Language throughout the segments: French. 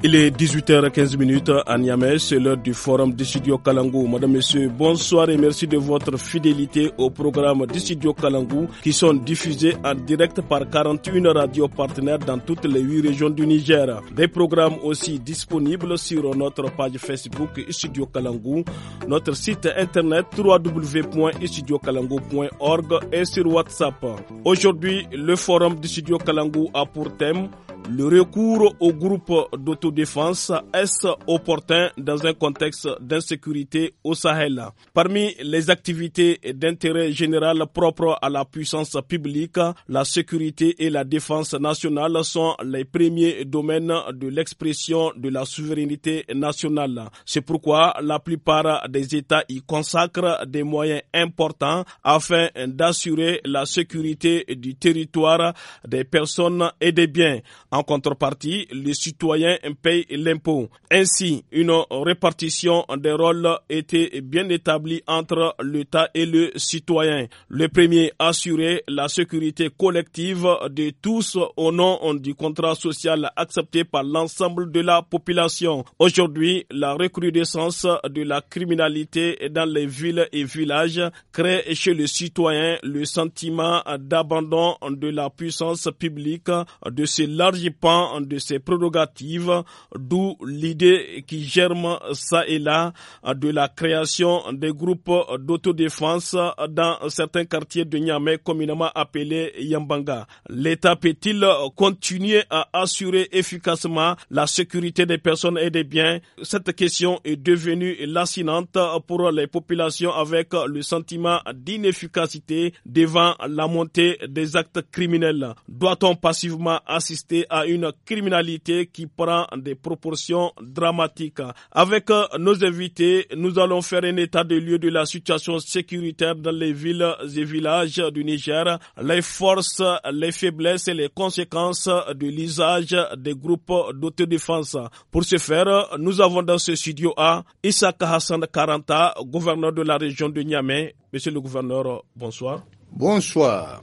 Il est 18h15 à Niamey, c'est l'heure du forum Dissidio Kalangou. Madame, Messieurs, bonsoir et merci de votre fidélité au programme Dissidio Kalangou qui sont diffusés en direct par 41 radios partenaires dans toutes les 8 régions du Niger. Des programmes aussi disponibles sur notre page Facebook Studio Kalangou, notre site internet www.studiokalangou.org et sur WhatsApp. Aujourd'hui, le forum Studio Kalangou a pour thème le recours au groupe d'autodéfense est opportun dans un contexte d'insécurité au Sahel. Parmi les activités d'intérêt général propres à la puissance publique, la sécurité et la défense nationale sont les premiers domaines de l'expression de la souveraineté nationale. C'est pourquoi la plupart des États y consacrent des moyens importants afin d'assurer la sécurité du territoire, des personnes et des biens. En contrepartie, les citoyens payent l'impôt. Ainsi, une répartition des rôles était bien établie entre l'État et le citoyen. Le premier assurait la sécurité collective de tous au nom du contrat social accepté par l'ensemble de la population. Aujourd'hui, la recrudescence de la criminalité dans les villes et villages crée chez le citoyen le sentiment d'abandon de la puissance publique de ces larges Dépend de ses prérogatives, d'où l'idée qui germe ça et là de la création des groupes d'autodéfense dans certains quartiers de Niamey communément appelés Yambanga. L'État peut-il continuer à assurer efficacement la sécurité des personnes et des biens Cette question est devenue lacinante pour les populations avec le sentiment d'inefficacité devant la montée des actes criminels. Doit-on passivement assister à une criminalité qui prend des proportions dramatiques. Avec euh, nos invités, nous allons faire un état de lieux de la situation sécuritaire dans les villes et villages du Niger, les forces, les faiblesses et les conséquences de l'usage des groupes d'autodéfense. Pour ce faire, nous avons dans ce studio à Issaka Hassan Karanta, gouverneur de la région de Niamey. Monsieur le gouverneur, bonsoir. Bonsoir.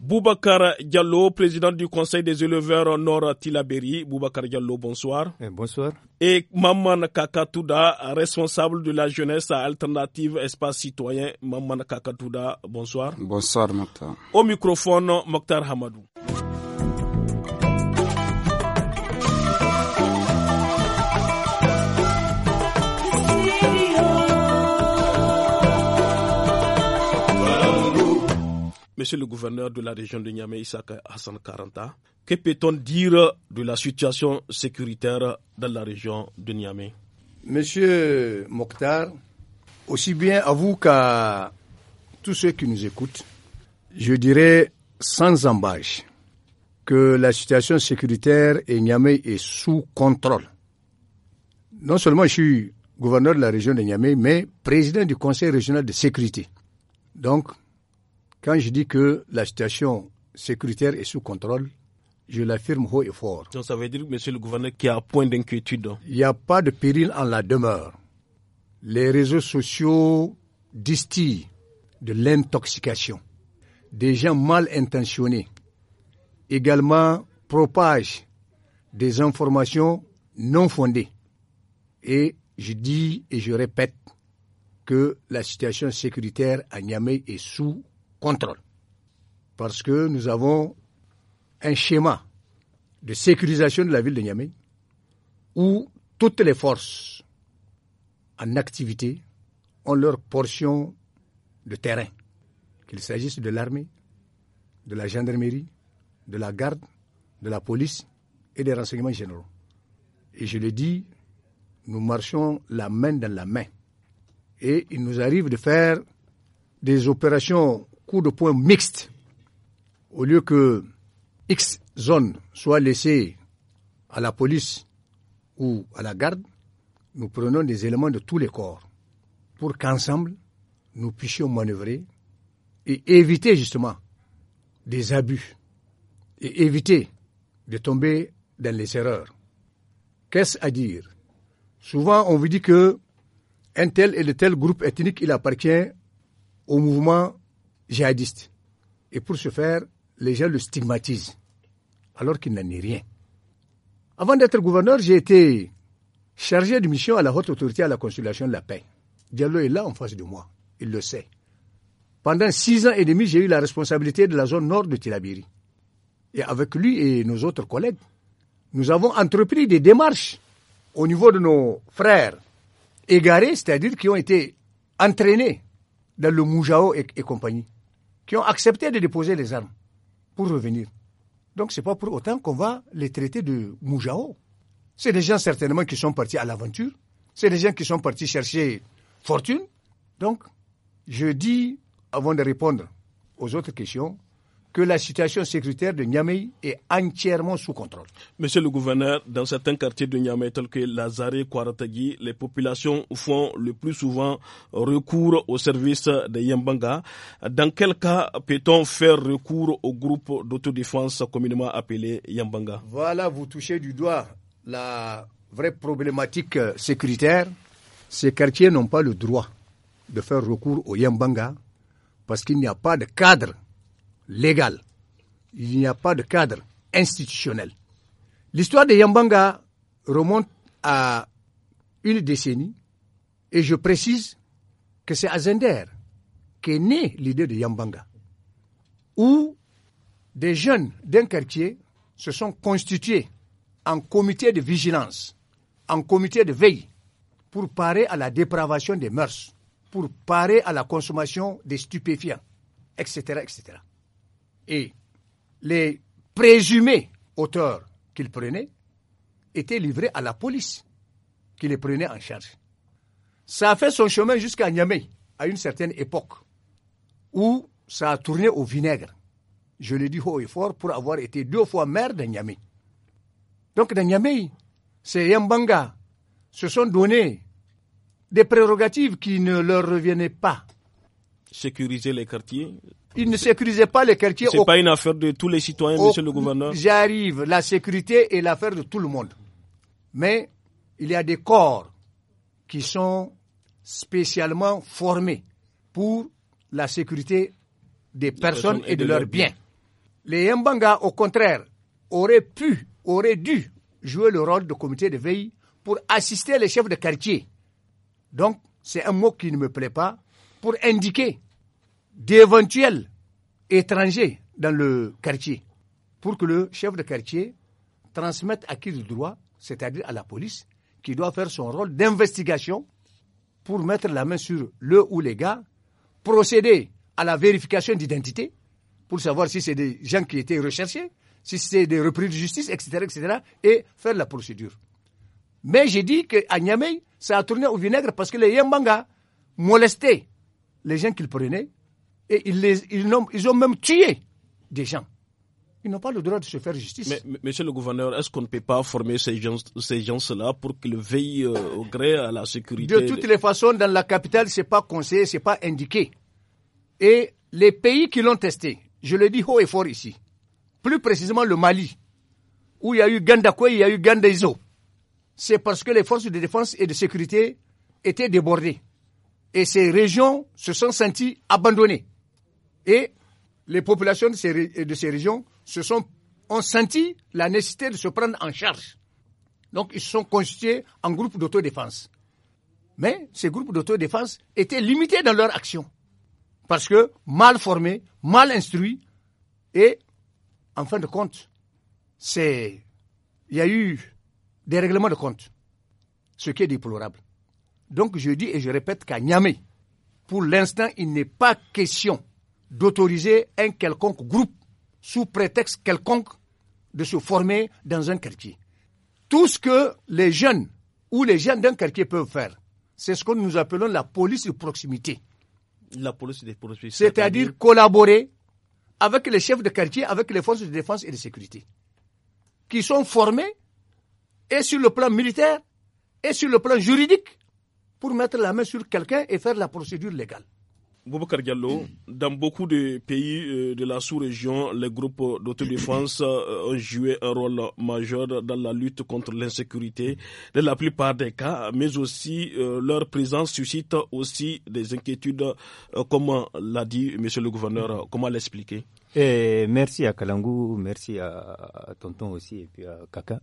Boubacar Diallo, président du Conseil des éleveurs Nord Tilaberi. Boubacar Diallo, bonsoir. Et eh, bonsoir. Et Maman Kakatouda, responsable de la jeunesse à Alternative Espace Citoyen. Maman Kakatouda, bonsoir. Bonsoir, Mokhtar. Au microphone, Mokhtar Hamadou. Monsieur le gouverneur de la région de Niamey, Isaac Hassan Karanta, que peut-on dire de la situation sécuritaire dans la région de Niamey Monsieur Mokhtar, aussi bien à vous qu'à tous ceux qui nous écoutent, je dirais sans embâche que la situation sécuritaire et Niamey est sous contrôle. Non seulement je suis gouverneur de la région de Niamey, mais président du Conseil régional de sécurité. Donc, quand je dis que la situation sécuritaire est sous contrôle, je l'affirme haut et fort. ça veut dire, monsieur le gouverneur, qu'il y a point d'inquiétude. Il n'y a pas de péril en la demeure. Les réseaux sociaux distillent de l'intoxication. Des gens mal intentionnés également propagent des informations non fondées. Et je dis et je répète que la situation sécuritaire à Niamey est sous contrôle. Parce que nous avons un schéma de sécurisation de la ville de Niamey où toutes les forces en activité ont leur portion de terrain, qu'il s'agisse de l'armée, de la gendarmerie, de la garde, de la police et des renseignements généraux. Et je le dis, nous marchons la main dans la main. Et il nous arrive de faire des opérations coup de points mixte. Au lieu que X zone soit laissée à la police ou à la garde, nous prenons des éléments de tous les corps pour qu'ensemble, nous puissions manœuvrer et éviter justement des abus et éviter de tomber dans les erreurs. Qu'est-ce à dire Souvent, on vous dit que un tel et de tel groupe ethnique, il appartient au mouvement djihadiste. Et pour ce faire, les gens le stigmatisent, alors qu'il n'en est rien. Avant d'être gouverneur, j'ai été chargé de mission à la haute autorité à la consolidation de la paix. Diallo est là en face de moi, il le sait. Pendant six ans et demi, j'ai eu la responsabilité de la zone nord de Tilabiri. Et avec lui et nos autres collègues, nous avons entrepris des démarches au niveau de nos frères égarés, c'est-à-dire qui ont été entraînés dans le Moujao et compagnie qui ont accepté de déposer les armes pour revenir. Donc ce n'est pas pour autant qu'on va les traiter de Moujao. C'est des gens certainement qui sont partis à l'aventure, c'est des gens qui sont partis chercher fortune. Donc je dis, avant de répondre aux autres questions, que la situation sécuritaire de Niamey est entièrement sous contrôle. Monsieur le gouverneur, dans certains quartiers de Niamey, tels que Lazare, Kwaratagi, les populations font le plus souvent recours au service de Yambanga. Dans quel cas peut-on faire recours au groupe d'autodéfense communément appelé Yambanga Voilà, vous touchez du doigt la vraie problématique euh, sécuritaire. Ces quartiers n'ont pas le droit de faire recours au Yambanga parce qu'il n'y a pas de cadre légal. Il n'y a pas de cadre institutionnel. L'histoire de Yambanga remonte à une décennie et je précise que c'est à Zender qu'est née l'idée de Yambanga, où des jeunes d'un quartier se sont constitués en comité de vigilance, en comité de veille, pour parer à la dépravation des mœurs, pour parer à la consommation des stupéfiants, etc. etc. Et les présumés auteurs qu'il prenait étaient livrés à la police qui les prenait en charge. Ça a fait son chemin jusqu'à Niamey, à une certaine époque, où ça a tourné au vinaigre. Je le dis haut et fort pour avoir été deux fois maire de Niamey. Donc, dans Niamey, ces Yambanga se sont donnés des prérogatives qui ne leur revenaient pas. Sécuriser les quartiers il ne sécurisait pas les quartiers. C'est n'est pas une affaire de tous les citoyens, monsieur le gouverneur. J'arrive, la sécurité est l'affaire de tout le monde. Mais il y a des corps qui sont spécialement formés pour la sécurité des personnes, et de, leurs biens. Les Yambanga, au contraire, auraient pu, auraient dû jouer le rôle de comité de veille pour assister les chefs de quartier. Donc, c'est un mot qui ne me plaît pas, pour indiquer d'éventuels étrangers dans le quartier pour que le chef de quartier transmette à qui le droit, c'est-à-dire à la police, qui doit faire son rôle d'investigation pour mettre la main sur le ou les gars, procéder à la vérification d'identité pour savoir si c'est des gens qui étaient recherchés, si c'est des repris de justice, etc., etc., et faire la procédure. Mais j'ai dit qu'à Niamey, ça a tourné au vinaigre parce que les Yambanga molestaient les gens qu'ils prenaient et ils, ils, ont, même tué des gens ils n'ont pas le droit de se faire justice. monsieur le gouverneur, est-ce qu'on ne peut pas former ces gens, ces gens-là pour qu'ils veillent euh, au gré à la sécurité De toutes les façons, dans la capitale, ce n'est pas conseillé, ce n'est pas indiqué. Et les pays qui l'ont testé, je le dis haut et fort ici, plus précisément le Mali, où il y a eu Gandakwe, il y a eu Gandaizo, c'est parce que les forces de défense et de sécurité étaient débordées. Et ces régions se sont senties abandonnées. Et les populations de ces, de ces régions se sont, ont senti la nécessité de se prendre en charge. Donc ils se sont constitués en groupes d'autodéfense. Mais ces groupes d'autodéfense étaient limités dans leur action. Parce que mal formés, mal instruits, et en fin de compte, c'est, il y a eu des règlements de compte, ce qui est déplorable. Donc je dis et je répète qu'à Niamey, pour l'instant, il n'est pas question d'autoriser un quelconque groupe, sous prétexte quelconque, de se former dans un quartier. Tout ce que les jeunes ou les jeunes d'un quartier peuvent faire, c'est ce que nous appelons la police de proximité. La police de proximité. C'est-à-dire collaborer avec les chefs de quartier, avec les forces de défense et de sécurité, qui sont formés et sur le plan militaire et sur le plan juridique pour mettre la main sur quelqu'un et faire la procédure légale. Boubacar Diallo, dans beaucoup de pays euh, de la sous-région, les groupes d'autodéfense euh, ont joué un rôle majeur dans la lutte contre l'insécurité, dans la plupart des cas, mais aussi euh, leur présence suscite aussi des inquiétudes, comme l'a dit Monsieur le gouverneur. Comment l'expliquer eh, Merci à Kalangou, merci à, Tonton aussi et puis à Kaka.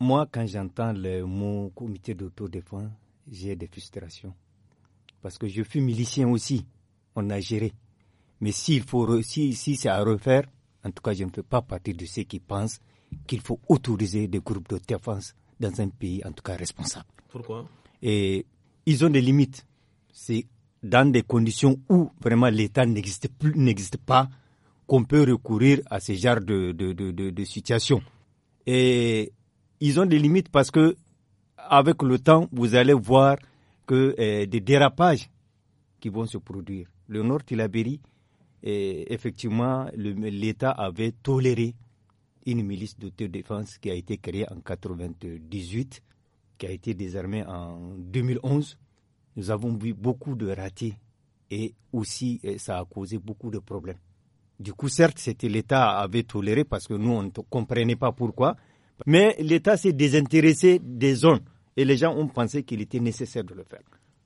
Moi, quand j'entends le mot comité d'autodéfense, j'ai des frustrations. Parce que je suis milicien aussi on a géré. Mais s'il faut, si, c'est à refaire, en tout cas, je ne fais pas partie de ceux qui pensent qu'il faut autoriser des groupes de défense dans un pays, en tout cas, responsable. Pourquoi Et ils ont des limites. C'est dans des conditions où vraiment l'État n'existe plus, n'existe pas, qu'on peut recourir à ce genre de, situation. Et ils ont des limites parce que, avec le temps, vous allez voir que eh, des dérapages qui vont se produire le nord la et effectivement, l'État avait toléré une milice d'autodéfense qui a été créée en 1998, qui a été désarmée en 2011. Nous avons vu beaucoup de ratés et aussi ça a causé beaucoup de problèmes. Du coup, certes, c'était l'État avait toléré parce que nous, on ne comprenait pas pourquoi, mais l'État s'est désintéressé des zones et les gens ont pensé qu'il était nécessaire de le faire.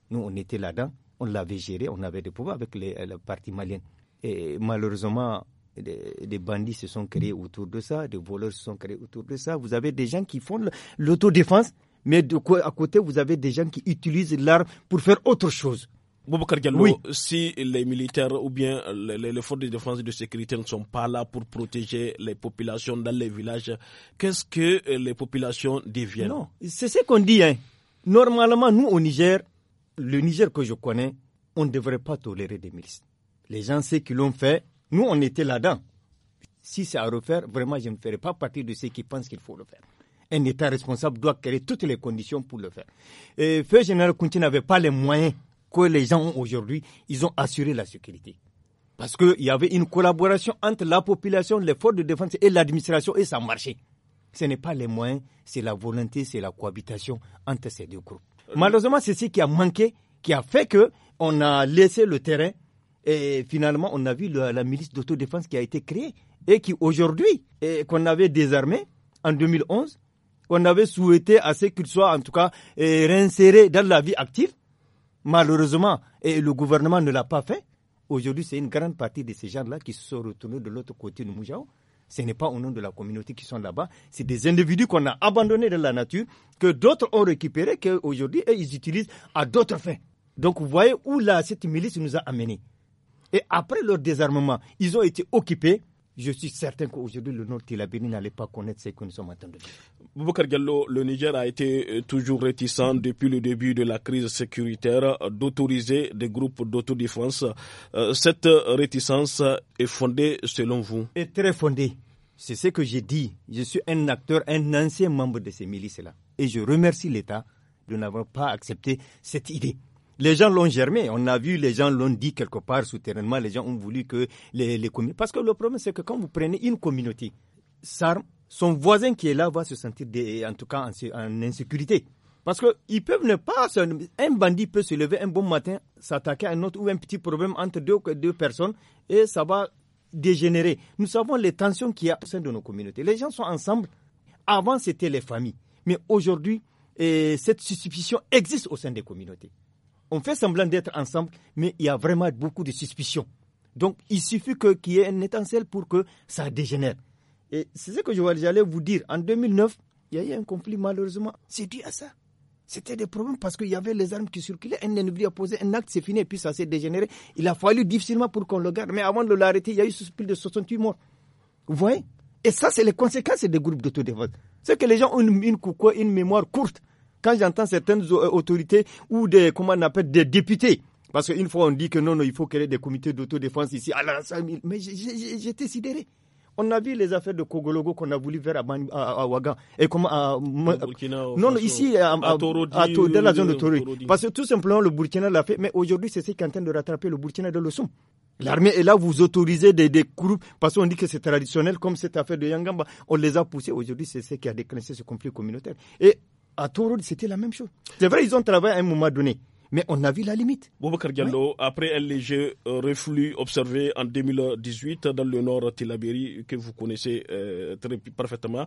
Nous, on était là-dedans on l'avait géré, on avait des pouvoirs avec les, le parti malien. Et malheureusement, des, bandits se sont créés autour de ça, des voleurs se sont créés autour de ça. Vous avez des gens qui font l'autodéfense, mais de, à côté, vous avez des gens qui utilisent l'arme pour faire autre chose. oui. si les militaires ou bien les, forces de défense et de sécurité ne sont pas là pour protéger les populations dans les villages, qu'est-ce que les populations deviennent Non, c'est ce qu'on dit. Hein. Normalement, nous, au Niger, le Niger que je connais, on ne devrait pas tolérer des milices. Les gens, sait qu'ils l'ont fait, nous, on était là-dedans. Si c'est à refaire, vraiment, je ne ferai pas partie de ceux qui pensent qu'il faut le faire. Un État responsable doit créer toutes les conditions pour le faire. Et Feu Général Kunti n'avait pas les moyens que les gens ont aujourd'hui. Ils ont assuré la sécurité. Parce qu'il y avait une collaboration entre la population, les forces de défense et l'administration, et ça marchait. Ce n'est pas les moyens, c'est la volonté, c'est la cohabitation entre ces deux groupes. Malheureusement, c'est ce qui a manqué, qui a fait que on a laissé le terrain et finalement, on a vu la, milice d'autodéfense qui a été créée et qui aujourd'hui, qu'on avait désarmé en 2011, on avait souhaité à ce qu'il soit en tout cas réinséré dans la vie active. Malheureusement, et le gouvernement ne l'a pas fait. Aujourd'hui, c'est une grande partie de ces gens-là qui se sont retournés de l'autre côté de Moujao ce n'est pas au nom de la communauté qui sont là-bas. C'est des individus qu'on a abandonnés de la nature, que d'autres ont récupérés, qu'aujourd'hui, ils utilisent à d'autres fins. Donc, vous voyez où là, cette milice nous a amenés. Et après leur désarmement, ils ont été occupés je suis certain qu'aujourd'hui, le Nord Tilabini n'allait pas connaître ce que nous sommes en train de vivre. le Niger a été euh, toujours réticent depuis le début de la crise sécuritaire d'autoriser des groupes d'autodéfense. Euh, cette réticence est fondée selon vous Est très fondée. C'est ce que j'ai dit. Je suis un acteur, un ancien membre de ces milices-là. Et je remercie l'État de n'avoir pas accepté cette idée. Les gens l'ont germé. On a vu, les gens l'ont dit quelque part souterrainement. Les gens ont voulu que les, les communautés. Parce que le problème, c'est que quand vous prenez une communauté, son voisin qui est là va se sentir, en tout cas, en, insécurité. Parce qu'ils peuvent ne pas. Un bandit peut se lever un bon matin, s'attaquer à un autre ou un petit problème entre deux, deux personnes et ça va dégénérer. Nous savons les tensions qu'il y a au sein de nos communautés. Les gens sont ensemble. Avant, c'était les familles. Mais aujourd'hui, eh, cette suspicion existe au sein des communautés on fait semblant d'être ensemble, mais il y a vraiment beaucoup de suspicions. Donc, il suffit qu'il y ait un étincelle pour que ça dégénère. Et c'est ce que j'allais vous dire. En 2009, il y a eu un conflit, malheureusement. C'est dû à ça. C'était des problèmes parce qu'il y avait les armes qui circulaient. Un ennemi a posé un acte, c'est fini, et puis ça s'est dégénéré. Il a fallu difficilement pour qu'on le garde. Mais avant de l'arrêter, il y a eu plus de 68 morts. Vous voyez Et ça, c'est les conséquences des groupes d'autodéfense. C'est que les gens ont une, une mémoire courte quand j'entends certaines euh, autorités ou des, comment appelle, des députés, parce qu'une fois on dit que non, non, il faut créer des comités d'autodéfense ici ah à mais j'étais sidéré. On a vu les affaires de Kogologo qu'on a voulu faire à, Et comment non, ici à, dans la zone de euh, Toro. Parce que tout simplement le Burkina l'a fait, mais aujourd'hui c'est ce qui est en train de rattraper le Burkina de leçon. L'armée est là, vous autorisez des, des groupes, parce qu'on dit que c'est traditionnel, comme cette affaire de Yangamba. On les a poussés. Aujourd'hui, c'est ce qui a déclenché ce conflit communautaire. Et à Tauroud, c'était la même chose. C'est vrai, ils ont travaillé à un moment donné. Mais on a vu la limite. Boubacar Diallo, après un léger euh, reflux observé en 2018 dans le nord de Tilaberi, que vous connaissez euh, très parfaitement,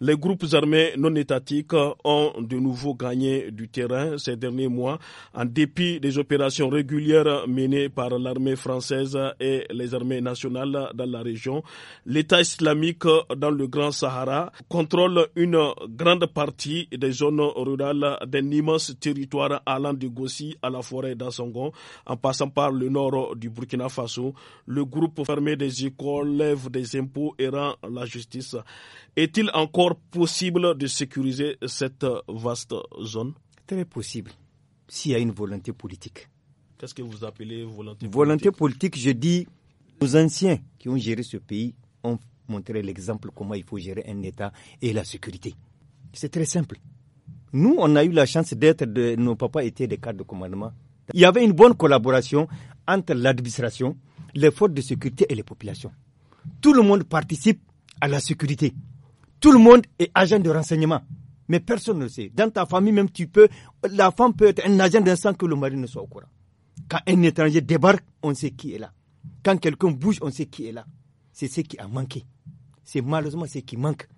les groupes armés non étatiques ont de nouveau gagné du terrain ces derniers mois, en dépit des opérations régulières menées par l'armée française et les armées nationales dans la région. L'État islamique dans le Grand Sahara contrôle une grande partie des zones rurales d'un immense territoire allant du Gossi à la forêt d'Assongon, en passant par le nord du Burkina Faso, le groupe fermé des écoles lève des impôts et rend la justice. Est-il encore possible de sécuriser cette vaste zone Très possible, s'il y a une volonté politique. Qu'est-ce que vous appelez volonté politique Volonté politique, je dis, nos anciens qui ont géré ce pays ont montré l'exemple comment il faut gérer un État et la sécurité. C'est très simple. Nous, on a eu la chance d'être, nos papas étaient des cadres de commandement. Il y avait une bonne collaboration entre l'administration, les forces de sécurité et les populations. Tout le monde participe à la sécurité. Tout le monde est agent de renseignement. Mais personne ne sait. Dans ta famille même, tu peux, la femme peut être un agent d'un sang que le mari ne soit au courant. Quand un étranger débarque, on sait qui est là. Quand quelqu'un bouge, on sait qui est là. C'est ce qui a manqué. C'est malheureusement ce qui manque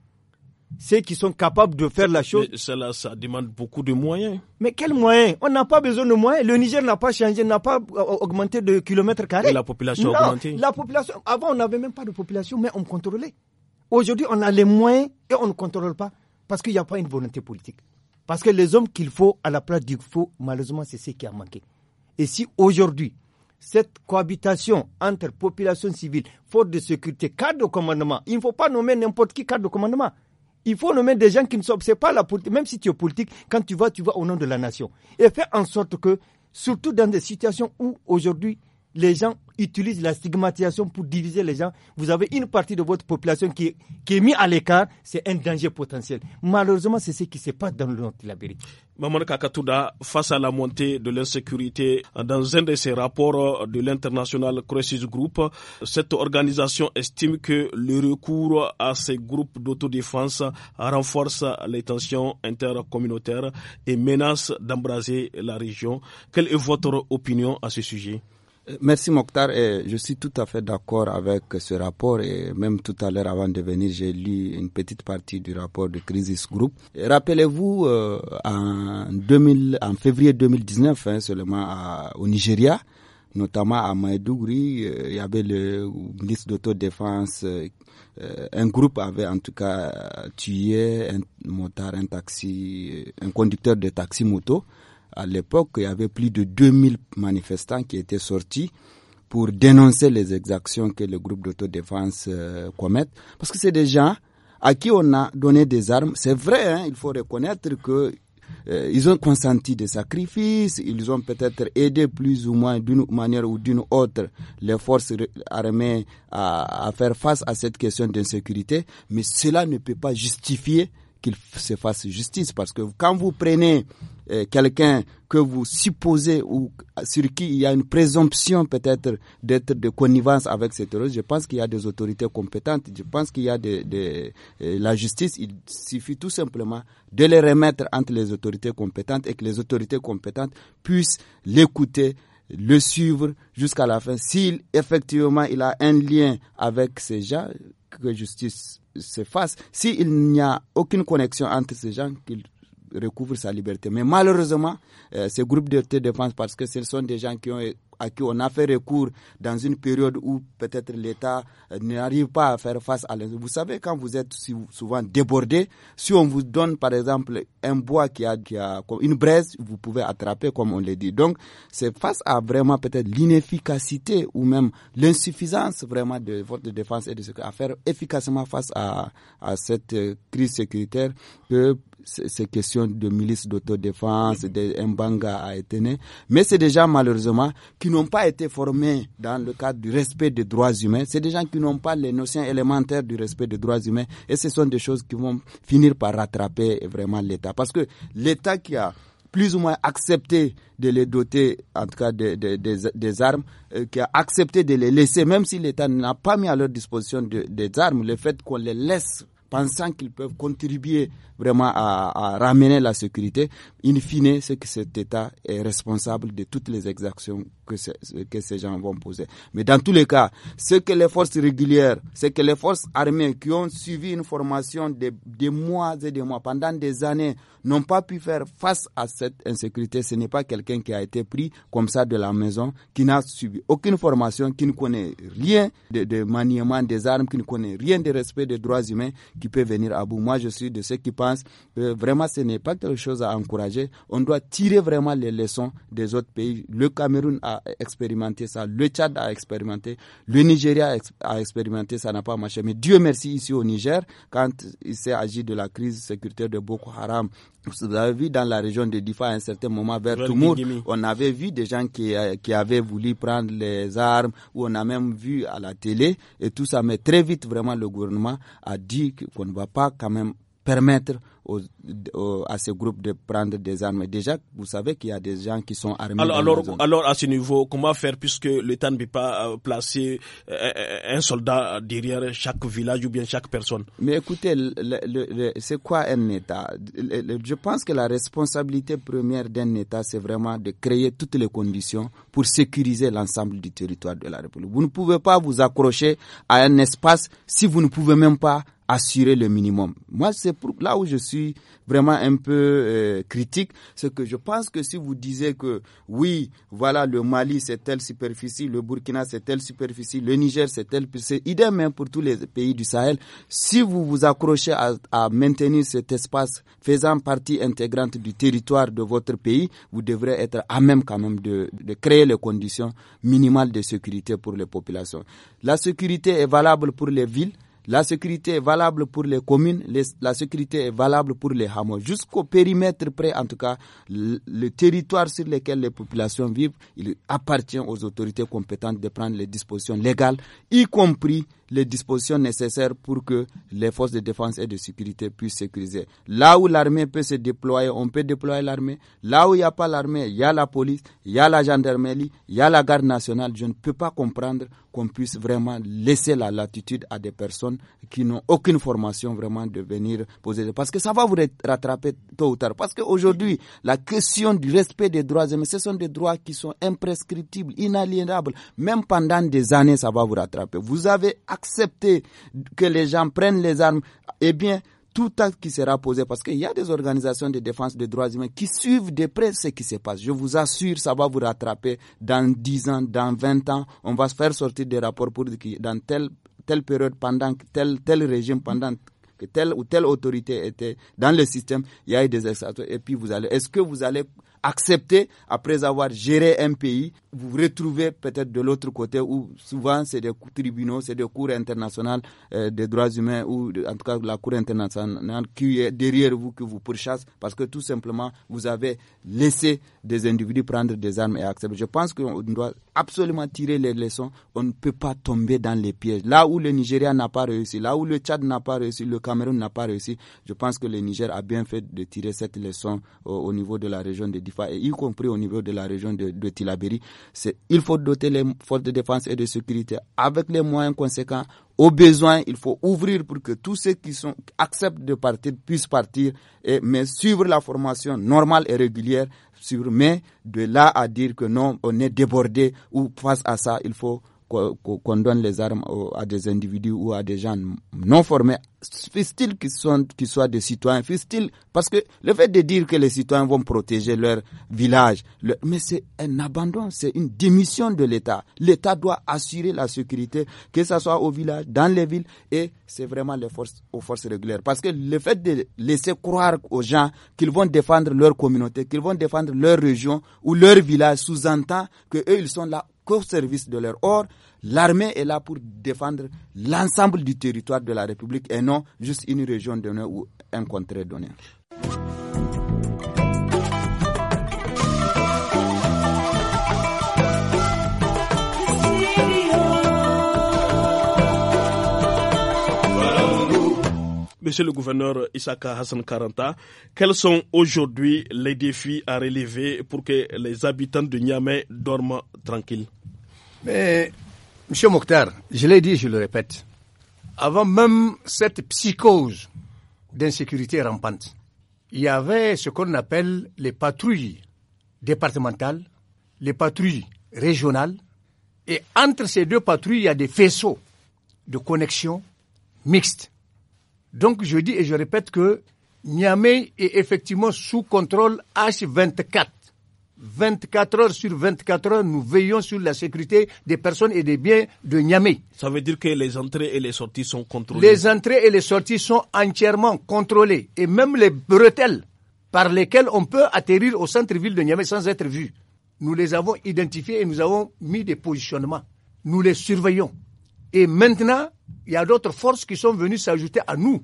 ceux qui sont capables de faire la chose. cela, ça demande beaucoup de moyens. Mais quels moyens On n'a pas besoin de moyens. Le Niger n'a pas changé, n'a pas euh, euh, augmenté de kilomètres carrés. La population a augmenté. La population, avant, on n'avait même pas de population, mais on contrôlait. Aujourd'hui, on a les moyens et on ne contrôle pas parce qu'il n'y a pas une volonté politique. Parce que les hommes qu'il faut à la place du faux, malheureusement, c'est ce qui a manqué. Et si aujourd'hui, cette cohabitation entre population civile, force de sécurité, cadre de commandement, il ne faut pas nommer n'importe qui cadre de commandement. Il faut nommer des gens qui ne sont pas la politique. Même si tu es politique, quand tu vas, tu vas au nom de la nation. Et faire en sorte que, surtout dans des situations où aujourd'hui les gens utilisent la stigmatisation pour diviser les gens. Vous avez une partie de votre population qui, est mise à l'écart, c'est un danger potentiel. Malheureusement, c'est ce qui se passe dans le nord de Maman Kakatouda, face à la montée de l'insécurité, dans un de ses rapports de l'International Crisis Group, cette organisation estime que le recours à ces groupes d'autodéfense renforce les tensions intercommunautaires et menace d'embraser la région. Quelle est votre opinion à ce sujet? Euh, merci Mokhtar. Et je suis tout à fait d'accord avec ce rapport. Et même tout à l'heure, avant de venir, j'ai lu une petite partie du rapport de Crisis Group. Rappelez-vous, euh, en, 2000, en février 2019, hein, seulement au Nigeria, notamment à Maïdougri, euh, il y avait le ministre d'autodéfense. un groupe avait en tout cas tué un motard, un taxi, un conducteur de taxi-moto. À l'époque, il y avait plus de 2000 manifestants qui étaient sortis pour dénoncer les exactions que le groupe d'autodéfense euh, Parce que c'est des gens à qui on a donné des armes. C'est vrai, hein, il faut reconnaître que euh, ils ont consenti des sacrifices, ils ont peut-être aidé plus ou moins d'une manière ou d'une autre les forces armées à, à faire face à cette question d'insécurité, mais cela ne peut pas justifier qu'il se fasse justice parce que quand vous prenez euh, quelqu'un que vous supposez ou sur qui il y a une présomption peut-être d'être de connivence avec cette terroristes, je pense qu'il y a des autorités compétentes, je pense qu'il y a de euh, la justice, il suffit tout simplement de les remettre entre les autorités compétentes et que les autorités compétentes puissent l'écouter, le suivre jusqu'à la fin. S'il effectivement il a un lien avec ces gens, que justice se fasse. S'il n'y a aucune connexion entre ces gens, qu'il recouvre sa liberté. Mais malheureusement, euh, ces groupes de défense, parce que ce sont des gens qui ont, à qui on a fait recours dans une période où peut-être l'État euh, n'arrive pas à faire face à les... Vous savez, quand vous êtes souvent débordé, si on vous donne par exemple un bois qui a, qui a une braise, vous pouvez attraper comme on l'a dit. Donc, c'est face à vraiment peut-être l'inefficacité ou même l'insuffisance vraiment de votre défense et de ce à faire efficacement face à, à cette euh, crise sécuritaire que ces questions de milices d'autodéfense, des a à né mais c'est des gens malheureusement qui n'ont pas été formés dans le cadre du respect des droits humains, c'est des gens qui n'ont pas les notions élémentaires du respect des droits humains et ce sont des choses qui vont finir par rattraper vraiment l'État. Parce que l'État qui a plus ou moins accepté de les doter, en tout cas de, des armes, euh, qui a accepté de les laisser, même si l'État n'a pas mis à leur disposition des armes, le fait qu'on les laisse pensant qu'ils peuvent contribuer vraiment à, ramener la sécurité. In fine, c'est que cet État est responsable de toutes les exactions que, que ces gens vont poser. Mais dans tous les cas, ce que les forces régulières, ce que les forces armées qui ont suivi une formation de, des mois et de mois pendant des années n'ont pas pu faire face à cette insécurité, ce n'est pas quelqu'un qui a été pris comme ça de la maison, qui n'a subi aucune formation, qui ne connaît rien de, de maniement des armes, qui ne connaît rien de respect des droits humains, qui peut venir à bout. Moi, je suis de ceux qui euh, vraiment, ce n'est pas quelque chose à encourager. On doit tirer vraiment les leçons des autres pays. Le Cameroun a expérimenté ça, le Tchad a expérimenté, le Nigeria a, expérimenté, ça n'a pas marché. Mais Dieu merci, ici au Niger, quand il s'est agi de la crise sécuritaire de Boko Haram, vous avez vu dans la région de Difa à un certain moment vers monde on avait vu des gens qui, euh, qui avaient voulu prendre les armes, ou on a même vu à la télé et tout ça. Mais très vite, vraiment, le gouvernement a dit qu'on ne va pas quand même permettre aux à ces groupes de prendre des armes. Déjà, vous savez qu'il y a des gens qui sont armés. Alors, alors, alors, à ce niveau, comment faire puisque l'État ne peut pas euh, placer euh, euh, un soldat derrière chaque village ou bien chaque personne Mais écoutez, c'est quoi un État Je pense que la responsabilité première d'un État, c'est vraiment de créer toutes les conditions pour sécuriser l'ensemble du territoire de la République. Vous ne pouvez pas vous accrocher à un espace si vous ne pouvez même pas assurer le minimum. Moi, c'est là où je suis vraiment un peu euh, critique, Ce que je pense que si vous disiez que oui, voilà, le Mali c'est telle superficie, le Burkina c'est telle superficie, le Niger c'est telle, c'est idem même hein, pour tous les pays du Sahel. Si vous vous accrochez à, à maintenir cet espace faisant partie intégrante du territoire de votre pays, vous devrez être à même quand même de, de créer les conditions minimales de sécurité pour les populations. La sécurité est valable pour les villes, la sécurité est valable pour les communes, la sécurité est valable pour les hameaux. Jusqu'au périmètre près, en tout cas, le, territoire sur lequel les populations vivent, il appartient aux autorités compétentes de prendre les dispositions légales, y compris les dispositions nécessaires pour que les forces de défense et de sécurité puissent sécuriser. Là où l'armée peut se déployer, on peut déployer l'armée. Là où il n'y a pas l'armée, il y a la police, il y a la gendarmerie, il y a la garde nationale. Je ne peux pas comprendre qu'on puisse vraiment laisser la latitude à des personnes qui n'ont aucune formation vraiment de venir poser. Parce que ça va vous rattraper tôt ou tard. Parce qu'aujourd'hui, la question du respect des droits humains, ce sont des droits qui sont imprescriptibles, inaliénables. Même pendant des années, ça va vous rattraper. Vous avez accepter que les gens prennent les armes, eh bien, tout acte qui sera posé, parce qu'il y a des organisations de défense des droits humains qui suivent de près ce qui se passe. Je vous assure, ça va vous rattraper dans 10 ans, dans 20 ans. On va se faire sortir des rapports pour dire que dans telle, telle période, pendant tel, tel régime, pendant que telle ou telle autorité était dans le système, il y a eu des extracteurs. Et puis vous allez, est-ce que vous allez accepter, après avoir géré un pays, vous vous retrouvez peut-être de l'autre côté où souvent c'est des tribunaux, c'est des cours internationales euh, des droits humains ou en tout cas la cour internationale qui est derrière vous, que vous pourchasse parce que tout simplement vous avez laissé des individus prendre des armes et accepter. Je pense qu'on doit absolument tirer les leçons. On ne peut pas tomber dans les pièges. Là où le Nigeria n'a pas réussi, là où le Tchad n'a pas réussi, le Cameroun n'a pas réussi. Je pense que le Niger a bien fait de tirer cette leçon euh, au, niveau de la région de Difa et y compris au niveau de la région de, de Tilaberi. Il faut doter les forces de défense et de sécurité avec les moyens conséquents au besoin, il faut ouvrir pour que tous ceux qui sont, acceptent de partir puissent partir, et, mais suivre la formation normale et régulière, mais de là à dire que non, on est débordé ou face à ça, il faut qu'on donne les armes à des individus ou à des gens non formés, fût-il qu'ils soient, qu'ils soient des citoyens, fût-il, parce que le fait de dire que les citoyens vont protéger leur village, leur, mais c'est un abandon, c'est une démission de l'État. L'État doit assurer la sécurité, que ce soit au village, dans les villes, et c'est vraiment les forces, aux forces régulières. Parce que le fait de laisser croire aux gens qu'ils vont défendre leur communauté, qu'ils vont défendre leur région ou leur village, sous-entend que ils sont là qu'au service de leur or, L'armée est là pour défendre l'ensemble du territoire de la République et non juste une région donnée ou un contrat donné. Monsieur le gouverneur Isaka Hassan Karanta, quels sont aujourd'hui les défis à relever pour que les habitants de Niamey dorment tranquilles mais, M. Mokhtar, je l'ai dit, je le répète, avant même cette psychose d'insécurité rampante, il y avait ce qu'on appelle les patrouilles départementales, les patrouilles régionales, et entre ces deux patrouilles, il y a des faisceaux de connexion mixtes. Donc je dis et je répète que Niamey est effectivement sous contrôle H24. 24 heures sur 24 heures, nous veillons sur la sécurité des personnes et des biens de Niamey. Ça veut dire que les entrées et les sorties sont contrôlées Les entrées et les sorties sont entièrement contrôlées. Et même les bretelles par lesquelles on peut atterrir au centre-ville de Niamey sans être vu, nous les avons identifiées et nous avons mis des positionnements. Nous les surveillons. Et maintenant, il y a d'autres forces qui sont venues s'ajouter à nous,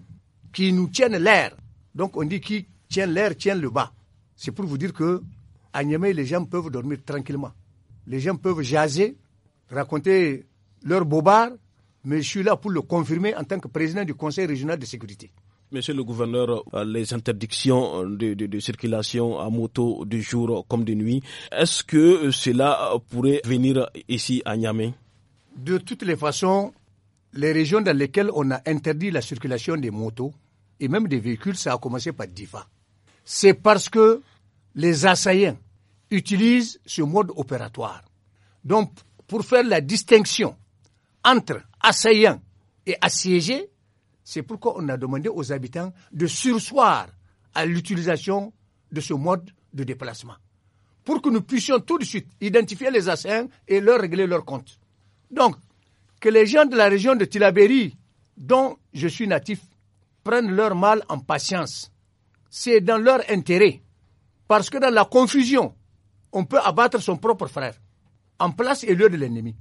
qui nous tiennent l'air. Donc on dit qui tient l'air, tient le bas. C'est pour vous dire que à Niamey, les gens peuvent dormir tranquillement. Les gens peuvent jaser, raconter leur bobard, mais je suis là pour le confirmer en tant que président du Conseil régional de sécurité. Monsieur le gouverneur, euh, les interdictions de, circulation à moto de jour comme de nuit, est-ce que cela pourrait venir ici à Niamey De toutes les façons, les régions dans lesquelles on a interdit la circulation des motos et même des véhicules, ça a commencé par Difa. C'est parce que les assaillants utilise ce mode opératoire. Donc, pour faire la distinction entre assaillants et assiégés, c'est pourquoi on a demandé aux habitants de sursoir à l'utilisation de ce mode de déplacement, pour que nous puissions tout de suite identifier les assaillants et leur régler leur compte. Donc, que les gens de la région de Tilaberi, dont je suis natif, prennent leur mal en patience. C'est dans leur intérêt, parce que dans la confusion, on peut abattre son propre frère en place et lieu de l'ennemi.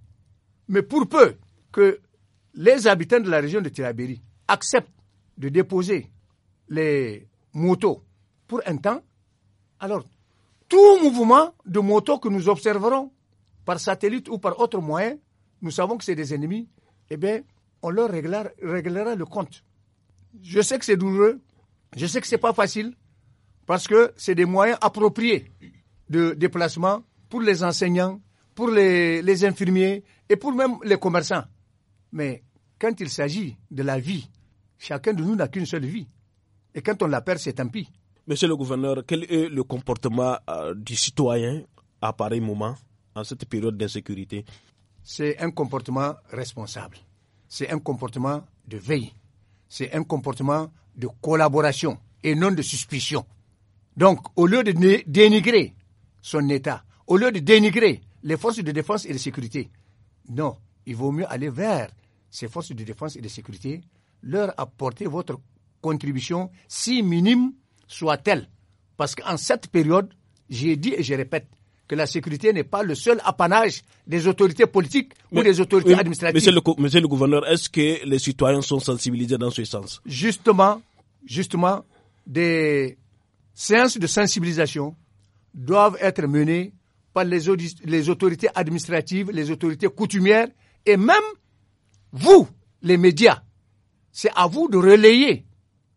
Mais pour peu que les habitants de la région de Tirabéry acceptent de déposer les motos pour un temps, alors tout mouvement de moto que nous observerons par satellite ou par autre moyen, nous savons que c'est des ennemis, eh bien, on leur réglera, réglera le compte. Je sais que c'est douloureux, je sais que c'est pas facile, parce que c'est des moyens appropriés de déplacement pour les enseignants, pour les, infirmiers et pour même les commerçants. Mais quand il s'agit de la vie, chacun de nous n'a qu'une seule vie. Et quand on la perd, c'est tant pis. Monsieur le gouverneur, quel est le comportement euh, du citoyen à pareil moment, en cette période d'insécurité C'est un comportement responsable. C'est un comportement de veille. C'est un comportement de collaboration et non de suspicion. Donc, au lieu de dénigrer son État, au lieu de dénigrer les forces de défense et de sécurité, non, il vaut mieux aller vers ces forces de défense et de sécurité, leur apporter votre contribution, si minime soit-elle. Parce qu'en cette période, j'ai dit et je répète, que la sécurité n'est pas le seul apanage des autorités politiques ou des autorités administratives. Monsieur le, monsieur le gouverneur, est-ce que les citoyens sont sensibilisés dans ce sens Justement, justement, des séances de sensibilisation doivent être menées par les, les autorités administratives, les autorités coutumières et même vous, les médias. C'est à vous de relayer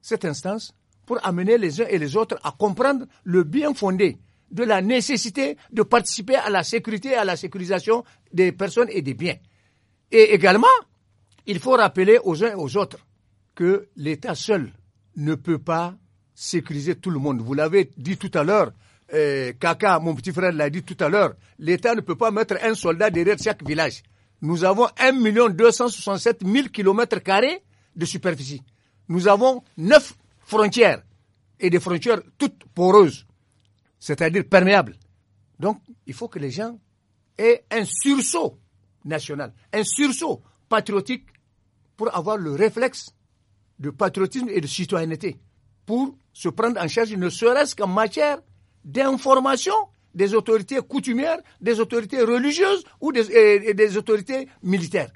cette instance pour amener les uns et les autres à comprendre le bien fondé de la nécessité de participer à la sécurité et à la sécurisation des personnes et des biens. Et également, il faut rappeler aux uns et aux autres que l'État seul ne peut pas sécuriser tout le monde. Vous l'avez dit tout à l'heure, euh, Kaka, mon petit frère l'a dit tout à l'heure, l'État ne peut pas mettre un soldat derrière chaque village. Nous avons 1 267 000 kilomètres carrés de superficie. Nous avons neuf frontières et des frontières toutes poreuses, c'est-à-dire perméables. Donc, il faut que les gens aient un sursaut national, un sursaut patriotique pour avoir le réflexe de patriotisme et de citoyenneté, pour se prendre en charge ne serait-ce qu'en matière d'information des autorités coutumières, des autorités religieuses ou des, des autorités militaires.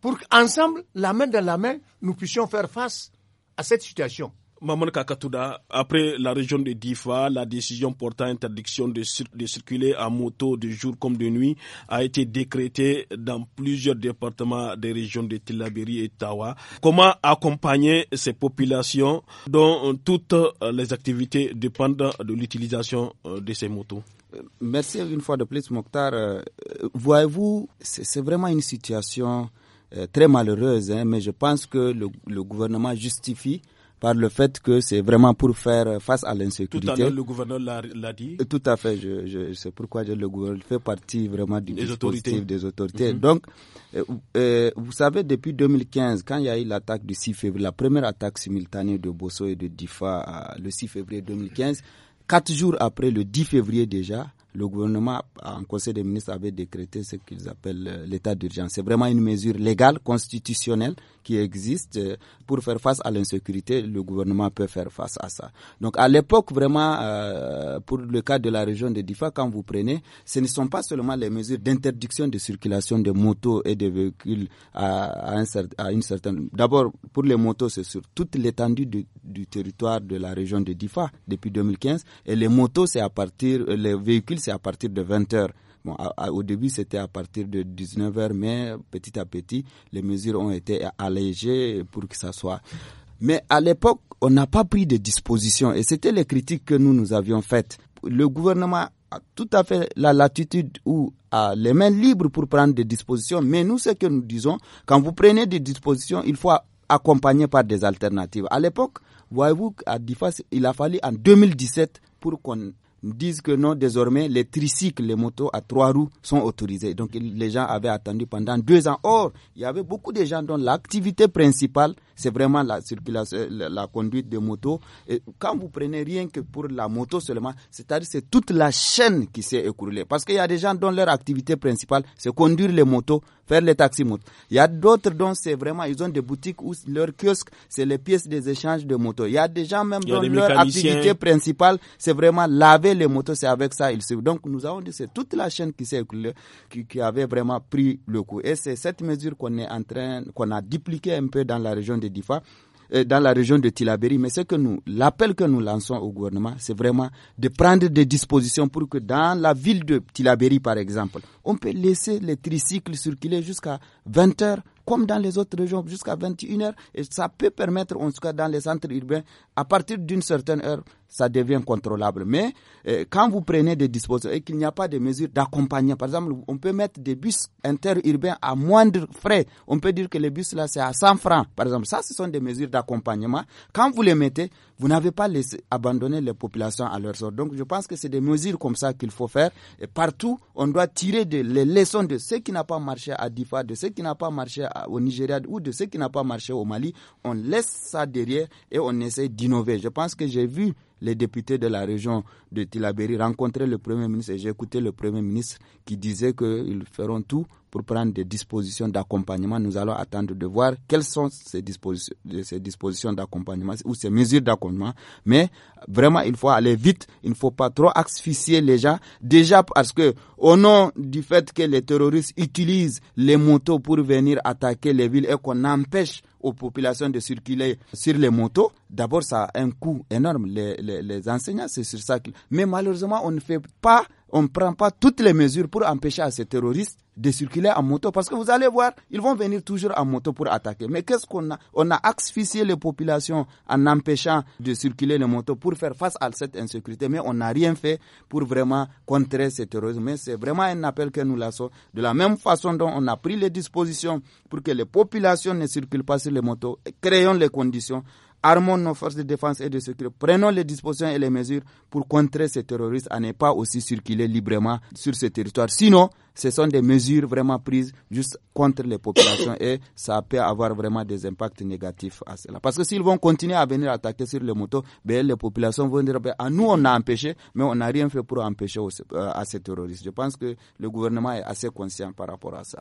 Pour qu'ensemble, la main dans la main, nous puissions faire face à cette situation. Maman Kakatouda, après la région de Difa, la décision portant interdiction de, circuler à moto de jour comme de nuit a été décrétée dans plusieurs départements des régions de Tilabiri et Tawa. Comment accompagner ces populations dont toutes les activités dépendent de l'utilisation euh, de ces motos euh, Merci une fois de plus, Mokhtar. Euh, voyez-vous, c'est vraiment une situation très malheureuse, hein, mais je pense que le gouvernement justifie par le fait que c'est vraiment pour faire face à l'insécurité. Tout à l'heure, le gouverneur l'a dit. Tout à fait. Je, je, c'est pourquoi le gouverneur fait partie vraiment du autorités. des autorités. Mm-hmm. Donc, euh, euh, vous savez, depuis 2015, quand il y a eu l'attaque du 6 février, la première attaque simultanée de Bosso et de Difa euh, le 6 février 2015, quatre jours après, le 10 février déjà, le gouvernement, en conseil des ministres, avait décrété ce qu'ils appellent euh, l'état d'urgence. C'est vraiment une mesure légale, constitutionnelle, qui existe euh, pour faire face à l'insécurité. Le gouvernement peut faire face à ça. Donc, à l'époque, vraiment, euh, pour le cas de la région de Difa, quand vous prenez, ce ne sont pas seulement les mesures d'interdiction de circulation de motos et de véhicules à, à, une certaine. D'abord, pour les motos, c'est sur toute l'étendue du, du territoire de la région de Difa depuis 2015, et les motos, c'est à partir les véhicules à partir de 20h. Bon, au début, c'était à partir de 19h, mais petit à petit, les mesures ont été allégées pour que ça soit. Mais à l'époque, on n'a pas pris de dispositions et c'était les critiques que nous, nous avions faites. Le gouvernement a tout à fait la latitude ou les mains libres pour prendre des dispositions, mais nous, ce que nous disons, quand vous prenez des dispositions, il faut accompagner par des alternatives. À l'époque, voyez-vous, à il a fallu en 2017 pour qu'on disent que non, désormais, les tricycles, les motos à trois roues sont autorisés. Donc, les gens avaient attendu pendant deux ans. Or, il y avait beaucoup de gens dont l'activité principale, c'est vraiment la circulation, euh, la, conduite de motos. Et quand vous prenez rien que pour la moto seulement, c'est-à-dire c'est toute la chaîne qui s'est écroulée. Parce qu'il y a des gens dont leur activité principale, c'est conduire les motos, faire les taximoutes. Il y a d'autres dont c'est vraiment, ils ont des boutiques où leur kiosque, c'est les pièces des échanges de motos. Il y a des gens même dont leur activité principale, c'est vraiment laver les motos, c'est avec ça ils se... Donc nous avons dit, c'est toute la chaîne qui, qui, qui avait vraiment pris le coup. Et c'est cette mesure qu'on est en train, qu'on a dupliqué un peu dans la région de Difa euh, dans la région de Tilaberi. Mais ce que nous, l'appel que nous lançons au gouvernement, c'est vraiment de prendre des dispositions pour que dans la ville de Tilaberi, par exemple, on peut laisser les tricycles circuler jusqu'à 20 heures comme dans les autres régions, jusqu'à 21 heures. Et ça peut permettre, en tout cas dans les centres urbains, à partir d'une certaine heure, ça devient contrôlable. Mais euh, quand vous prenez des dispositions et qu'il n'y a pas de mesures d'accompagnement, par exemple, on peut mettre des bus interurbains à moindre frais. On peut dire que les bus là, c'est à 100 francs, par exemple. Ça, ce sont des mesures d'accompagnement. Quand vous les mettez, vous n'avez pas laissé abandonner les populations à leur sort. Donc, je pense que c'est des mesures comme ça qu'il faut faire. Et partout, on doit tirer les leçons de ce qui n'a pas marché à Difa, de ce qui n'a pas marché au Nigeria ou de ce qui n'a pas marché au Mali. On laisse ça derrière et on essaie d'innover. Je pense que j'ai vu les députés de la région de Tilaberi rencontraient le Premier ministre et j'ai écouté le Premier ministre qui disait qu'ils feront tout pour prendre des dispositions d'accompagnement. Nous allons attendre de voir quelles sont ces dispositions, ces dispositions d'accompagnement ou ces mesures d'accompagnement. Mais vraiment, il faut aller vite. Il ne faut pas trop asphyxier les gens. Déjà parce que, au nom du fait que les terroristes utilisent les motos pour venir attaquer les villes et qu'on empêche aux populations de circuler sur les motos, d'abord ça a un coût énorme, les, enseignants, c'est sur ça. Mais malheureusement, on ne fait pas on ne prend pas toutes les mesures pour empêcher à ces terroristes de circuler en moto parce que vous allez voir, ils vont venir toujours en moto pour attaquer. Mais qu'est-ce qu'on a On a asphyxié les populations en empêchant de circuler les motos pour faire face à cette insécurité, mais on n'a rien fait pour vraiment contrer ces terroristes. Mais c'est vraiment un appel que nous lançons. De la même façon dont on a pris les dispositions pour que les populations ne circulent pas sur les motos, créons les conditions armons nos forces de défense et de sécurité, prenons les dispositions et les mesures pour contrer ces terroristes à ne pas aussi circuler librement sur ce territoire. Sinon, ce sont des mesures vraiment prises juste contre les populations et ça peut avoir vraiment des impacts négatifs à cela. Parce que s'ils vont continuer à venir attaquer sur les motos, ben les populations vont dire, ben, à nous on a empêché, mais on n'a rien fait pour empêcher euh, à ces terroristes. Je pense que le gouvernement est assez conscient par rapport à ça.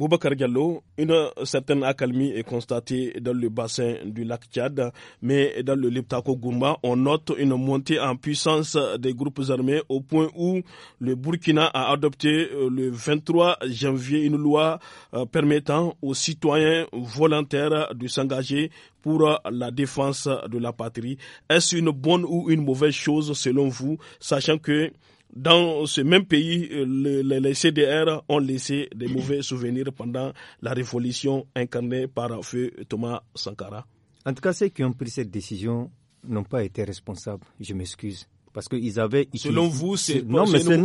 Boubacar Diallo, une certaine accalmie est constatée dans le bassin du lac Tchad, mais dans le Liptako Goumba, on note une montée en puissance des groupes armés au point où le Burkina a adopté euh, le 23 janvier une loi euh, permettant aux citoyens volontaires de s'engager pour euh, la défense de la patrie. Est-ce une bonne ou une mauvaise chose selon vous, sachant que dans ce même pays, euh, les CDR ont laissé des mauvais souvenirs pendant la révolution incarnée par feu Thomas Sankara. En tout cas, ceux qui ont pris cette décision n'ont pas été responsables. Je m'excuse. Parce qu'ils avaient Selon vous, c'est non, mais c'est, une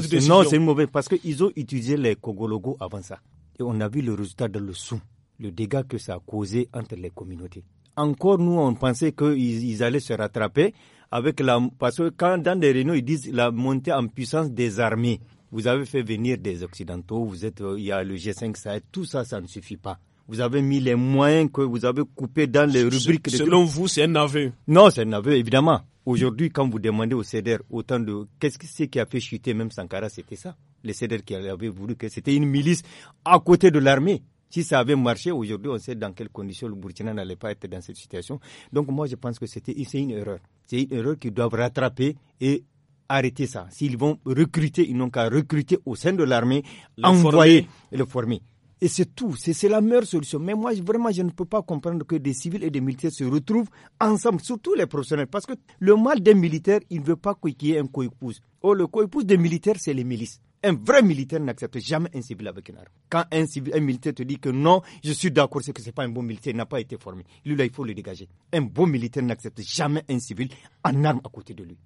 décision. Non, c'est une mauvaise parce qu'ils ont utilisé les Kogologo avant ça. Et on a vu le résultat de le sou, le dégât que ça a causé entre les communautés encore nous, on pensait qu'ils ils allaient se rattraper avec la, parce que quand dans les réunions, ils disent la montée en puissance des armées. Vous avez fait venir des Occidentaux, vous êtes, il y a le G5 ça tout ça, ça ne suffit pas. Vous avez mis les moyens que vous avez coupé dans les rubriques. Selon vous, c'est un aveu Non, c'est un aveu, évidemment. Aujourd'hui, quand vous demandez au CEDER autant de. Qu'est-ce que c'est qui a fait chuter même Sankara C'était ça. les CEDER qui avaient voulu que c'était une milice à côté de l'armée. Si ça avait marché aujourd'hui, on sait dans quelles conditions le Burkina n'allait pas être dans cette situation. Donc moi, je pense que c'était une erreur. C'est une erreur qu'ils doivent rattraper et arrêter ça. S'ils vont recruter, ils n'ont qu'à recruter au sein de l'armée, envoyer et le former. Et c'est tout, c'est la meilleure solution. Mais moi, vraiment, je ne peux pas comprendre que des civils et des militaires se retrouvent ensemble, surtout les professionnels, parce que le mal des militaires, il ne veut pas qu'il y ait un coépouse. Oh, le coépouse des militaires, c'est les milices. Un vrai militaire n'accepte jamais un civil avec une arme. Quand un, militaire te dit que non, je suis d'accord, c'est que ce n'est pas un bon militaire, il n'a pas été formé. Lui, là, il faut le dégager. Un bon militaire n'accepte jamais un civil en arme à côté de lui.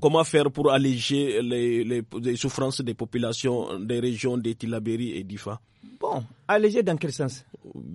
comment faire pour alléger les, souffrances des populations des régions de Tilaberi et d'Ifa Bon, alléger dans quel sens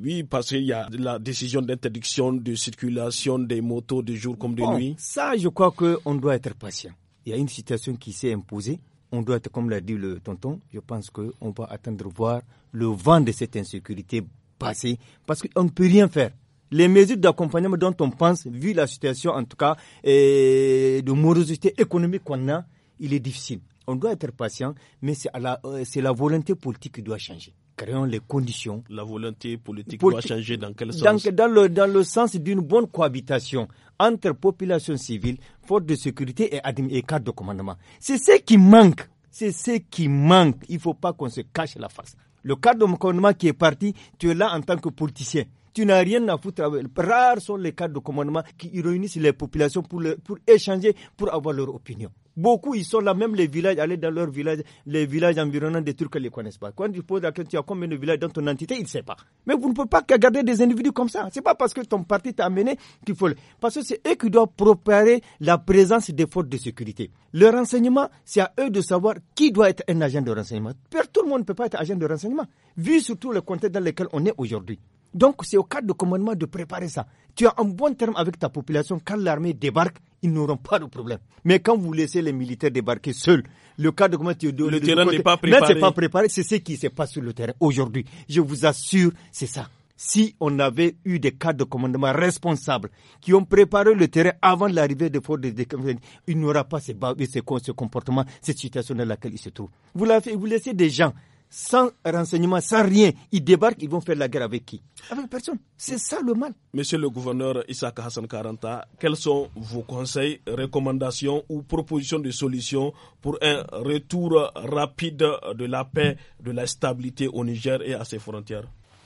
Oui, parce qu'il y a la décision d'interdiction de circulation des motos de jour comme de nuit. Ça, je crois qu'on doit être patient. Il y a une situation qui s'est imposée on doit être, comme l'a dit le tonton, je pense qu'on va attendre voir le vent de cette insécurité passer, parce qu'on ne peut rien faire. Les mesures d'accompagnement dont on pense, vu la situation en tout cas et de morosité économique qu'on a, il est difficile. On doit être patient, mais c'est la, euh, la volonté politique qui doit changer créons les conditions. La volonté politique doit changer dans quel sens dans, dans, le, dans le sens d'une bonne cohabitation entre population civile, force de sécurité et, cadre de commandement. C'est ce qui manque. C'est ce qui manque. Il ne faut pas qu'on se cache la face. Le cadre de commandement qui est parti, tu es là en tant que politicien tu n'as rien à foutre avec. Rares sont les cadres de commandement qui réunissent les populations pour, pour échanger, pour avoir leur opinion. Beaucoup, ils sont là, même les villages, aller dans leurs villages, les villages environnants des Turcs, ils ne les connaissent pas. Quand tu poses la question, tu as combien de villages dans ton entité, ils ne savent pas. Mais vous ne pouvez pas garder des individus comme ça. n'est pas parce que ton parti t'a amené qu'il faut Parce que c'est eux qui doivent préparer la présence des forces de sécurité. Le renseignement, c'est à eux de savoir qui doit être un agent de renseignement. Tout le monde ne peut pas être agent de renseignement, vu surtout le contexte dans lequel on est aujourd'hui. Donc, c'est au cadre de commandement de préparer ça. Tu as un bon terme avec ta population. Quand l'armée débarque, ils n'auront pas de problème. Mais quand vous laissez les militaires débarquer seuls, le cadre de commandement... le terrain n'est pas préparé. c'est pas préparé. C'est ce qui se passe sur le terrain aujourd'hui. Je vous assure, c'est ça. Si on avait eu des cadres de commandement responsables qui ont préparé le terrain avant l'arrivée des forces de défense, il n'y aura pas ce, ce comportement, cette situation dans laquelle il se trouve. vous laissez des gens sans renseignement, sans rien, ils débarquent, ils vont faire la guerre avec qui Avec personne. C'est ça le mal. Monsieur le gouverneur Issa Hassan Karanta, quels sont vos conseils, recommandations ou propositions de solutions pour un retour rapide de la paix, de la stabilité au Niger et à ses frontières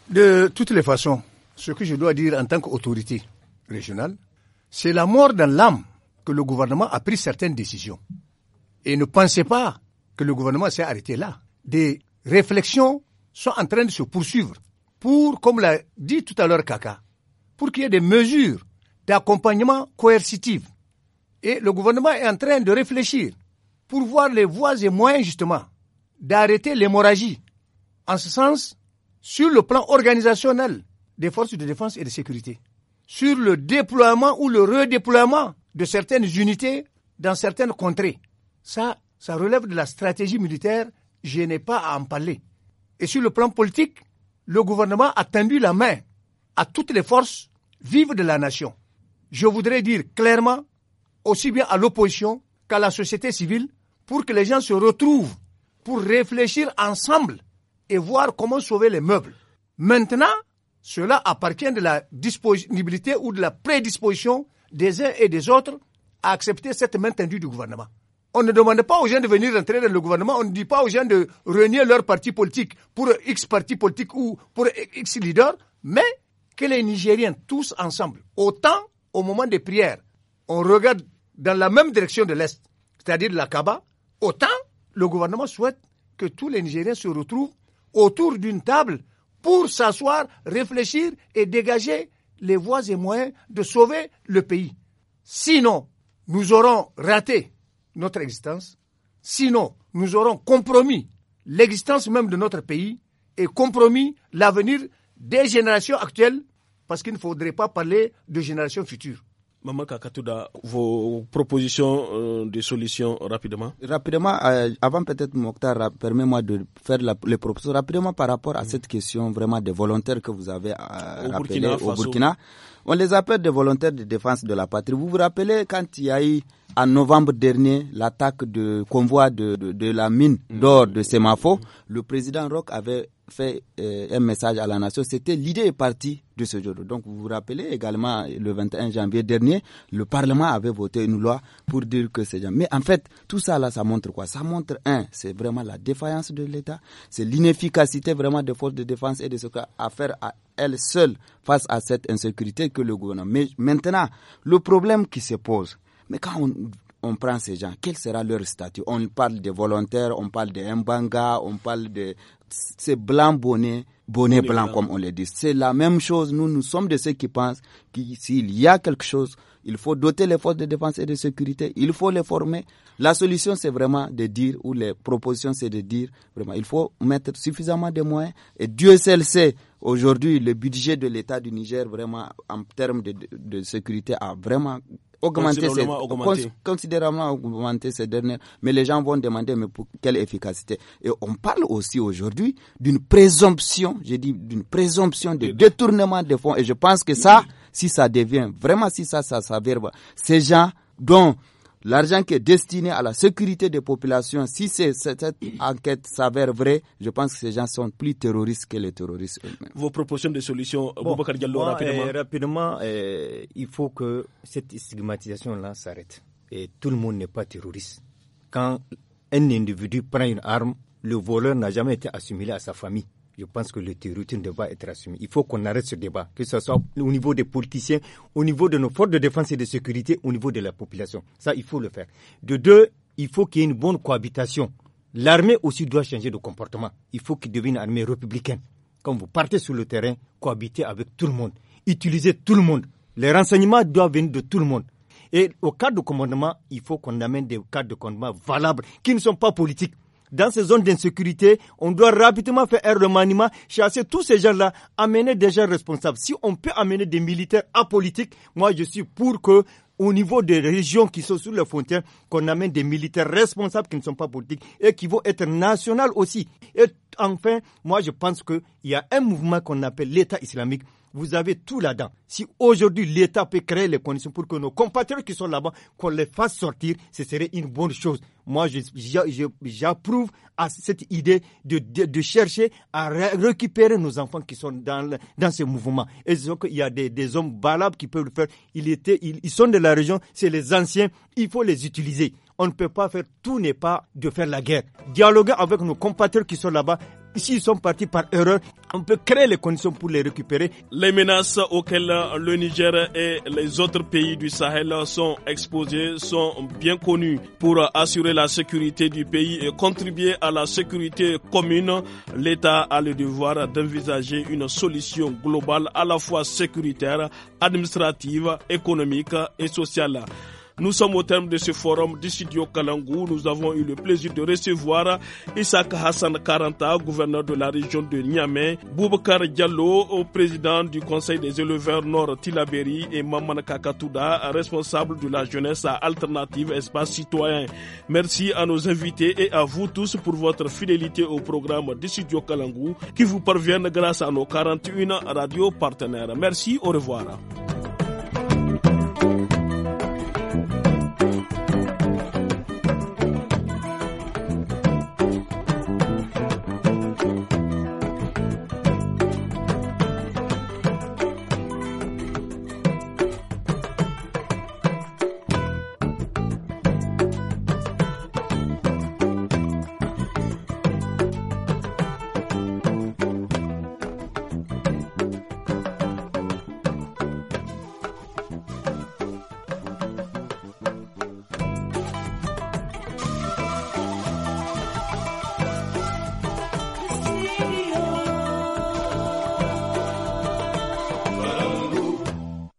De toutes les façons, ce que je dois dire en tant qu'autorité régionale, c'est la mort dans l'âme que le gouvernement a pris certaines décisions. Et ne pensez pas que le gouvernement s'est arrêté là. Des réflexions sont en train de se poursuivre pour, comme l'a dit tout à l'heure Kaka, pour qu'il y ait des mesures d'accompagnement coercitives. Et le gouvernement est en train de réfléchir pour voir les voies et moyens, justement, d'arrêter l'hémorragie. En ce sens, sur le plan organisationnel des forces de défense et de sécurité, sur le déploiement ou le redéploiement de certaines unités dans certaines contrées. Ça, ça relève de la stratégie militaire je n'ai pas à en parler. Et sur le plan politique, le gouvernement a tendu la main à toutes les forces vives de la nation. Je voudrais dire clairement, aussi bien à l'opposition qu'à la société civile, pour que les gens se retrouvent, pour réfléchir ensemble et voir comment sauver les meubles. Maintenant, cela appartient de la disponibilité ou de la prédisposition des uns et des autres à accepter cette main tendue du gouvernement. On ne demande pas aux gens de venir entrer dans le gouvernement, on ne dit pas aux gens de renier leur parti politique pour X parti politique ou pour X leader, mais que les Nigériens, tous ensemble, autant au moment des prières, on regarde dans la même direction de l'Est, c'est-à-dire la Kaba, autant le gouvernement souhaite que tous les Nigériens se retrouvent autour d'une table pour s'asseoir, réfléchir et dégager les voies et moyens de sauver le pays. Sinon, nous aurons raté notre existence, sinon nous aurons compromis l'existence même de notre pays et compromis l'avenir des générations actuelles, parce qu'il ne faudrait pas parler de générations futures. Maman Kakatouda, vos propositions euh, de solutions rapidement Rapidement, euh, avant peut-être Mokhtar, permets-moi de faire les propositions rapidement par rapport à cette question vraiment des volontaires que vous avez euh, au Burkina. On les appelle des volontaires de défense de la patrie. Vous vous rappelez quand il y a eu en novembre dernier l'attaque de convoi de, la mine mm. d'or de Semafo, le président Rock avait fait euh, un message à la nation. C'était l'idée est partie de ce jour. Donc vous vous rappelez également le 21 janvier dernier, le Parlement avait voté une loi pour dire que c'est Mais en fait, tout ça là, ça montre quoi Ça montre un, c'est vraiment la défaillance de l'État, c'est l'inefficacité vraiment des forces de défense et de ce qu'a à faire à elle seule face à cette insécurité que le gouvernement. Mais maintenant, le problème qui se pose, mais quand on, prend ces gens, quel sera leur statut On parle des volontaires, on parle des Mbanga, on parle de ces blancs bonnets, bonnets blancs comme on les dit. C'est la même chose. Nous, nous sommes de ceux qui pensent Qu'il y a quelque chose, il faut doter les forces de défense et de sécurité, il faut les former. La solution, c'est vraiment de dire, ou les propositions, c'est de dire, vraiment, il faut mettre suffisamment de moyens. Et Dieu seul sait, aujourd'hui, le budget de l'État du Niger, vraiment, en termes de, sécurité, a vraiment augmenté, considérablement, augmenté. considérablement augmenté ces dernières. Mais les gens vont demander, mais pour quelle efficacité Et on parle aussi aujourd'hui d'une présomption, j'ai dit d'une présomption de détournement des fonds. Et je pense que ça si ça devient vraiment, si ça, ça s'avère, ces gens dont l'argent qui est destiné à la sécurité des populations, si cette enquête s'avère vraie, je pense que ces gens sont plus terroristes que les terroristes eux-mêmes. Vos propositions de solutions, Boubacar rapidement. Eh, rapidement, eh, il faut que cette stigmatisation-là s'arrête. Et tout le monde n'est pas terroriste. Quand un individu prend une arme, le voleur n'a jamais été assimilé à sa famille je pense que le terrorisme doit être assumé. Il faut qu'on arrête ce débat, que ce soit au niveau des politiciens, au niveau de nos forces de défense et de sécurité, au niveau de la population. Ça, il faut le faire. De deux, il faut qu'il y ait une bonne cohabitation. L'armée aussi doit changer de comportement. Il faut qu'il devienne une armée républicaine. Quand vous partez sur le terrain, cohabitez avec tout le monde. Utilisez tout le monde. Les renseignements doivent venir de tout le monde. Et au cadre de commandement, il faut qu'on amène des cadres de commandement valables, qui ne sont pas politiques dans ces zones d'insécurité, on doit rapidement faire un remaniement, chasser tous ces gens-là, amener des gens responsables. Si on peut amener des militaires apolitiques, moi je suis pour que au niveau des régions qui sont sur les frontières, qu'on amène des militaires responsables qui ne sont pas politiques et qui vont être nationales aussi. Et enfin, moi je pense qu'il y a un mouvement qu'on appelle l'État islamique vous avez tout là-dedans. Si aujourd'hui l'État peut créer les conditions pour que nos compatriotes qui sont là-bas, qu'on les fasse sortir, ce serait une bonne chose. Moi, j'approuve à cette idée de, chercher à récupérer nos enfants qui sont dans, dans ce mouvement. Et donc, il y a des, hommes valables qui peuvent le faire. Ils, ils sont de la région, c'est les anciens, il faut les utiliser on ne peut pas faire, tout n'est pas de faire la guerre. Dialoguer avec nos compatriotes qui sont là-bas, S'ils sont partis par erreur, on peut créer les conditions pour les récupérer. Les menaces auxquelles le Niger et les autres pays du Sahel sont exposés sont bien connues pour assurer la sécurité du pays et contribuer à la sécurité commune. L'État a le devoir d'envisager une solution globale à la fois sécuritaire, administrative, économique et sociale. Nous sommes au terme de ce forum du studio Kalangou. Nous avons eu le plaisir de recevoir Isaac Hassan Karanta, gouverneur de la région de Niamey, Boubacar Diallo, président du conseil des éleveurs Nord Tilaberi et Maman Kakatouda, responsable de la jeunesse à Alternative Espace Citoyen. Merci à nos invités et à vous tous pour votre fidélité au programme du studio Kalangou qui vous parviennent grâce à nos 41 radios partenaires. Merci, au revoir.